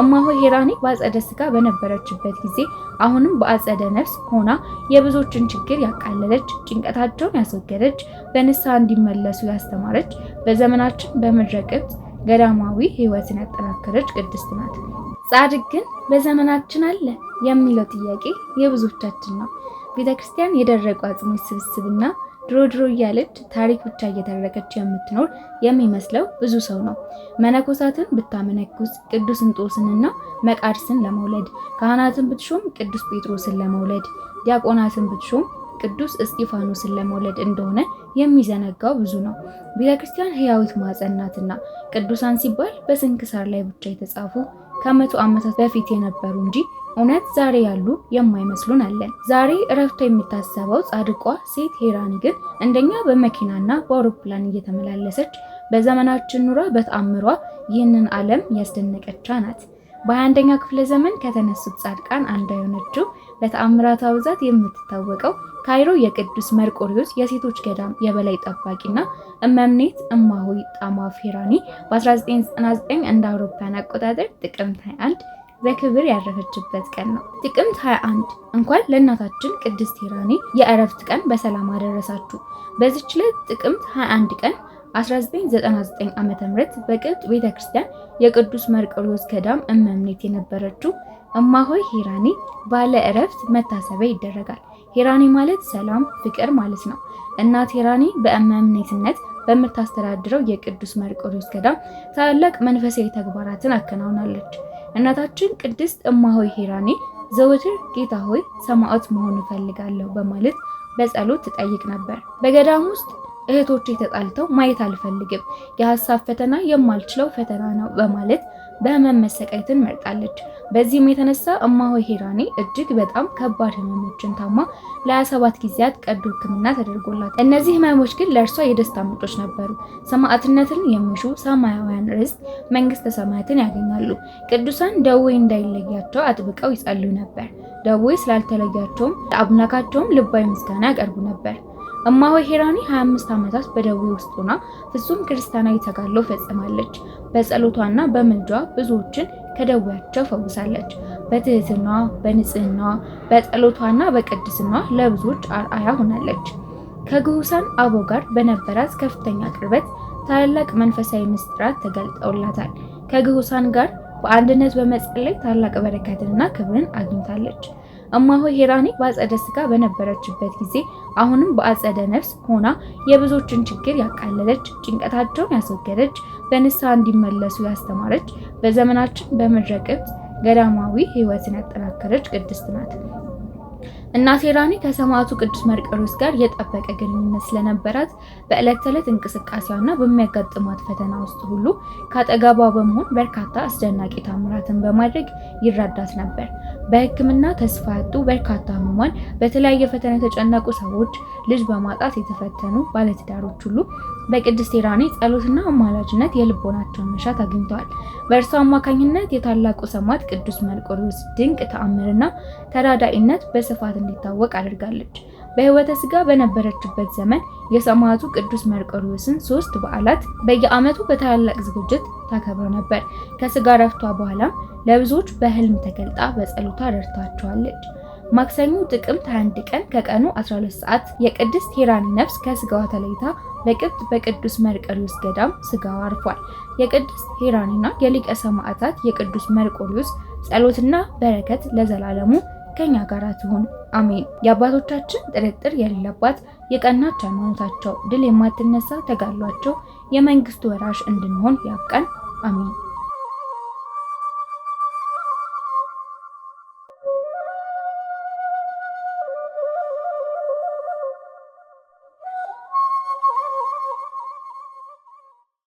እማሆ ሄራኒ በአጸደ ስጋ በነበረችበት ጊዜ አሁንም በአጸደ ነፍስ ሆና የብዙዎችን ችግር ያቃለለች፣ ጭንቀታቸውን ያስወገደች፣ በንስሐ እንዲመለሱ ያስተማረች፣ በዘመናችን በምድረ ግብጽ ገዳማዊ ሕይወትን ያጠናከረች ቅድስት ናት። ጻድቅ ግን በዘመናችን አለ የሚለው ጥያቄ የብዙዎቻችን ነው። ቤተ ክርስቲያን የደረቁ አጽሞች ስብስብና ድሮ ድሮ እያለች ታሪክ ብቻ እየተረከች የምትኖር የሚመስለው ብዙ ሰው ነው። መነኮሳትን ብታመነኩስ ቅዱስ እንጦስንና መቃርስን ለመውለድ፣ ካህናትን ብትሾም ቅዱስ ጴጥሮስን ለመውለድ፣ ዲያቆናትን ብትሾም ቅዱስ እስጢፋኖስን ለመውለድ እንደሆነ የሚዘነጋው ብዙ ነው። ቤተክርስቲያን ሕያዊት ማጸናትና ቅዱሳን ሲባል በስንክሳር ላይ ብቻ የተጻፉ ከመቶ ዓመታት በፊት የነበሩ እንጂ እውነት ዛሬ ያሉ የማይመስሉን አለን። ዛሬ እረፍቷ የሚታሰበው ጻድቋ ሴት ሄራኒ ግን እንደኛ በመኪናና በአውሮፕላን እየተመላለሰች በዘመናችን ኑሯ በተአምሯ ይህንን ዓለም ያስደነቀቻ ናት። በ ክፍለ ዘመን ከተነሱት ጻድቃን አንዷ የሆነችው በተአምራቷ ብዛት የምትታወቀው ካይሮ የቅዱስ መርቆሪዎስ የሴቶች ገዳም የበላይ ጠባቂና እመምኔት እማሆይ ጣማ ፌራኒ በ1999 እንደ አውሮፓውያን አቆጣጠር ጥቅምት 21 በክብር ያረፈችበት ቀን ነው። ጥቅምት 21 እንኳን ለእናታችን ቅድስት ቴራኒ የእረፍት ቀን በሰላም አደረሳችሁ። በዚች ዕለት ጥቅምት 21 ቀን 1999 ዓ ም በቅብጥ ቤተ ክርስቲያን የቅዱስ መርቆሬዎስ ገዳም እመምኔት የነበረችው እማሆይ ሂራኒ ባለ እረፍት መታሰቢያ ይደረጋል። ሂራኒ ማለት ሰላም፣ ፍቅር ማለት ነው። እናት ሂራኒ በእመምኔትነት በምታስተዳድረው የቅዱስ መርቆሬዎስ ገዳም ታላላቅ መንፈሳዊ ተግባራትን አከናውናለች። እናታችን ቅድስት እማሆይ ሂራኒ ዘወትር ጌታ ሆይ ሰማዕት መሆን እፈልጋለሁ በማለት በጸሎት ትጠይቅ ነበር። በገዳም ውስጥ እህቶቼ ተጣልተው ማየት አልፈልግም። የሀሳብ ፈተና የማልችለው ፈተና ነው በማለት በህመም መሰቃየትን መርጣለች። በዚህም የተነሳ እማሆይ ሄራኔ እጅግ በጣም ከባድ ህመሞችን ታማ ለሰባት ጊዜያት ቀዶ ህክምና ተደርጎላት፣ እነዚህ ህመሞች ግን ለእርሷ የደስታ ምንጮች ነበሩ። ሰማዕትነትን የሚሹ ሰማያውያን ርስት መንግስተ ሰማያትን ያገኛሉ። ቅዱሳን ደዌ እንዳይለያቸው አጥብቀው ይጸልዩ ነበር። ደዌ ስላልተለያቸውም ለአምላካቸውም ልባዊ ምስጋና ያቀርቡ ነበር። እማሆይ ሄራኒ 25 ዓመታት በደዌ ውስጥ ሆና ፍጹም ክርስቲያናዊ ተጋድሎ ፈጽማለች። በጸሎቷና በምልጇ ብዙዎችን ከደዌያቸው ፈውሳለች። በትህትናዋ፣ በንጽህናዋ፣ በጸሎቷና በቅድስናዋ ለብዙዎች አርአያ ሆናለች። ከግሁሳን አቦ ጋር በነበራት ከፍተኛ ቅርበት ታላላቅ መንፈሳዊ ምስጢራት ተገልጠውላታል። ከግሁሳን ጋር በአንድነት በመጸለይ ታላቅ በረከትንና ክብርን አግኝታለች። እማሆይ ሄራኒ በአጸደ ስጋ በነበረችበት ጊዜ አሁንም በአጸደ ነፍስ ሆና የብዙዎችን ችግር ያቃለለች፣ ጭንቀታቸውን ያስወገደች፣ በንስሐ እንዲመለሱ ያስተማረች፣ በዘመናችን በምድረ ገዳማዊ ህይወትን ያጠናከረች ቅድስት ናት። እናቴ ራኒ ከሰማዕቱ ቅዱስ መርቆሬዎስ ጋር የጠበቀ ግንኙነት ስለነበራት በዕለት ተዕለት እንቅስቃሴዋና በሚያጋጥሟት ፈተና ውስጥ ሁሉ ከአጠገቧ በመሆን በርካታ አስደናቂ ታምራትን በማድረግ ይረዳት ነበር። በሕክምና ተስፋ ያጡ በርካታ ህሙማን፣ በተለያየ ፈተና የተጨነቁ ሰዎች ልጅ በማጣት የተፈተኑ ባለትዳሮች ሁሉ በቅድስት ቴራኔ ጸሎትና አማላጅነት የልቦናቸውን መሻት አግኝተዋል። በእርሷ አማካኝነት የታላቁ ሰማዕት ቅዱስ መርቆሬዎስ ድንቅ ተአምርና ተራዳኢነት በስፋት እንዲታወቅ አድርጋለች። በሕይወተ ሥጋ በነበረችበት ዘመን የሰማዕቱ ቅዱስ መርቆሬዎስን ሶስት በዓላት በየዓመቱ በታላላቅ ዝግጅት ተከብረው ነበር። ከስጋ ረፍቷ በኋላም ለብዙዎች በህልም ተገልጣ በጸሎታ ረድታቸዋለች። ማክሰኞ ጥቅምት 21 ቀን ከቀኑ 12 ሰዓት የቅድስት ሄራን ነፍስ ከስጋዋ ተለይታ በቅብጥ በቅዱስ መርቆሪዎስ ገዳም ስጋዋ አርፏል። የቅድስት ሄራንና የሊቀ ሰማዕታት የቅዱስ መርቆሪዎስ ጸሎትና በረከት ለዘላለሙ ከኛ ጋር ትሁን አሜን። የአባቶቻችን ጥርጥር የሌለባት የቀናች ሃይማኖታቸው ድል የማትነሳ ተጋድሏቸው የመንግስቱ ወራሽ እንድንሆን ያብቃን አሜን።